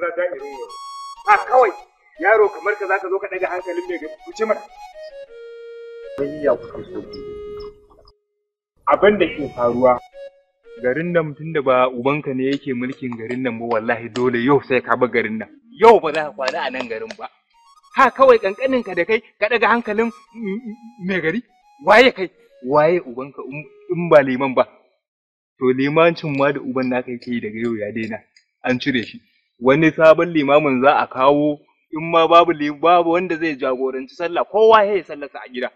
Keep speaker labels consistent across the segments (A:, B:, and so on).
A: ta yau kawai yaro kamar ka zaka zo ka daga hankalin mai gaba kuce mana bayya ku kanku abin da ke faruwa garin nan tun da ba ubanka ne yake mulkin garin nan ba wallahi dole yau sai ka ba garin nan yau ba za ka kwana a nan garin ba ha kawai kankanin ka da kai ka daga hankalin mai gari waye kai waye ubanka in ba liman ba to limancin ma da uban naka yake daga yau ya daina an cire shi wani sabon limamin za a kawo in ma babu babu wanda zai jagoranci sallah kowa ya sallarsa a gida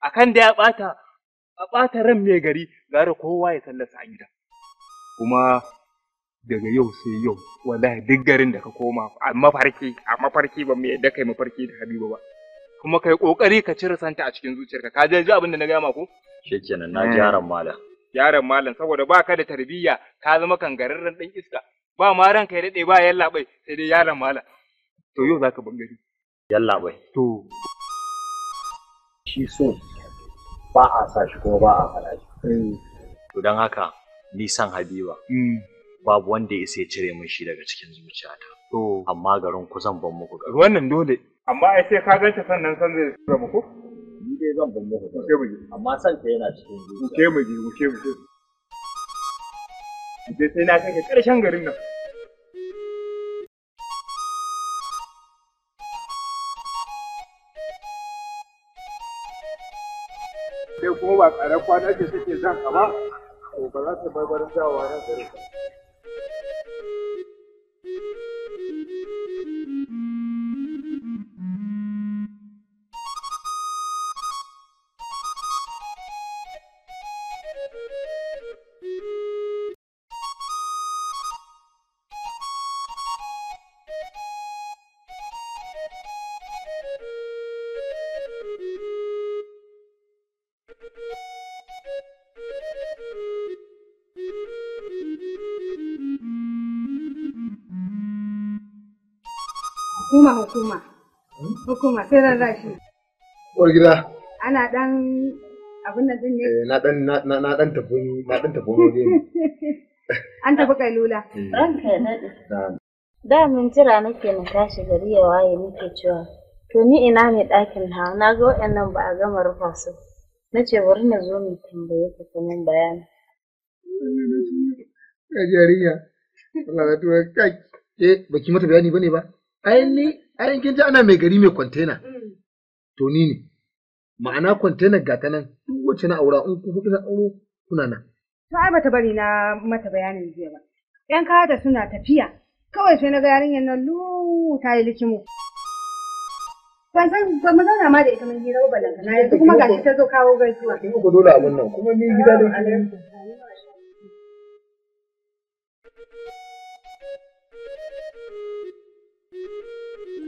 A: akan da ya bata a bata ran mai gari gara kowa ya sallarsa a gida kuma daga yau sai yau wallahi duk garin da ka koma a mafarki a mafarki ba mai yadda kai mafarki da Habiba ba kuma kai kokari ka cire santa a cikin zuciyarka ka ji abin da na gaya mako shikenan na gyaran malam Gyaran malam saboda baka da tarbiyya ka zama kan kangararren dan iska ba ma ranka ya daɗe ba yallaɓai sai dai yaran mala to yau zaka bangare yallaɓai to shi so ba a sa shi kuma ba a fara shi eh. to don haka ni san habiba mm. babu wanda ya sai cire min shi daga cikin zuciyata amma garin ku zan ban muku garin wannan dole amma ai sai ka ganta sannan san zai tura muku ni dai zan ban muku garin amma san ka yana cikin zuciya mu ke mu je mu ke mu je sai na kai karshen garin nan sai kuma ba tsare kwana ce suke zan ka ba to ba za ta barbarin dawowa nan gare ba.
B: hukuma hukuma hmm? hukuma sai ran rashi uwar gida ana dan abin nan din ne eh, na
A: dan na na dan tafi na dan tafi waje
B: an tafi kailula ranka eh. ya nade da mun jira nake na tashi gari ya waye nake cewa to ni ina ne dakin ha na ga wayannan ba a gama rufa su na ce bari na zo mu tambaye ka kuma bayani
A: ya jariya Allah ka tuwa kai eh baki mata bayani bane ba ai ni ai kin ji ana mai gari mai kwantena mm. to ni ne ma'ana kwantenar ga ta nan duk wacce na aura in ku hudu na aure kuna nan to
B: ai bata bari na mata bayanin jiya ba yan kada suna tafiya kawai sai na ga yarinyar nan lu ta yi likimu ban ba mu zauna ma da ita mun hira ba balanta na yanzu kuma gashi ta zo kawo gaisuwa kin ku dole abun nan kuma ni gida da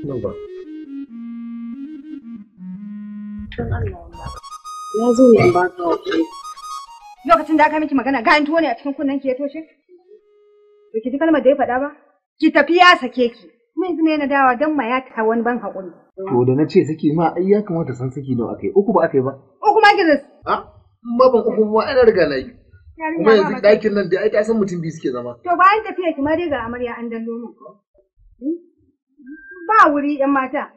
B: Yauwa. Don Allah ya zo ne in ba ka hakuri. Lokacin da aka miki magana gayan tuwo ne a cikin kunnen ki ya toshe? Ba ki ji kalmar da ya faɗa ba? Ki tafi ya sake ki. Mun yanzu ne na dawa don ma ya ta wani ban haƙuri. To
A: da na ce saki ma ai ya kamata san saki nawa aka yi. Uku ba aka yi ba. Uku ma giris. A? Ah, ma ban uku ma ana riga na yi. Kuma yanzu ɗakin nan da ai ta san mutum biyu suke zama.
B: To bayan tafiya ki ma dai ga amarya an dando min. wuri ‘yan mata.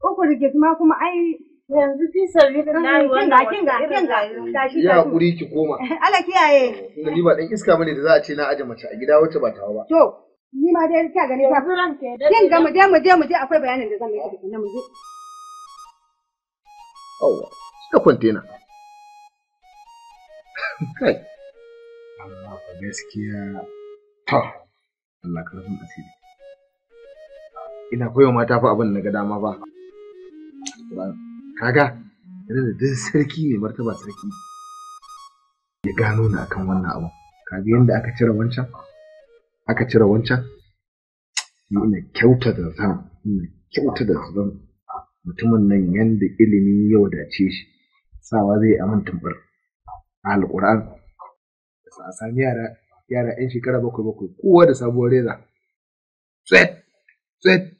B: Uku rikisma kuma ai yanzu fi sabi da ga ga tashi ya haƙuri ki koma. Allah kiyaye.
A: ni ba ɗan iska bane da za a ce na aje mace a gida wacce ba tawa ba.
B: To ni ma dai kya gani ta. ga mu je mu je mu je akwai bayanin da zan yi mu je.
A: Yawwa, suka kwantena. Kai. Amma gaskiya Allah karfin asiri. ina koyo mata fa abin da ga dama ba kaga yana da duk sarki mai martaba sarki ya gano ni akan wannan abu kaga yanda aka cire wancan aka cire wancan ina kyauta da zan ina kyauta da zan mutumin nan yanda ilimi ya wadace shi sawa zai aman tumbar alquran sa sami yara yara yan shekara bakwai bakwai kowa da sabuwar reza Tsit, tsit,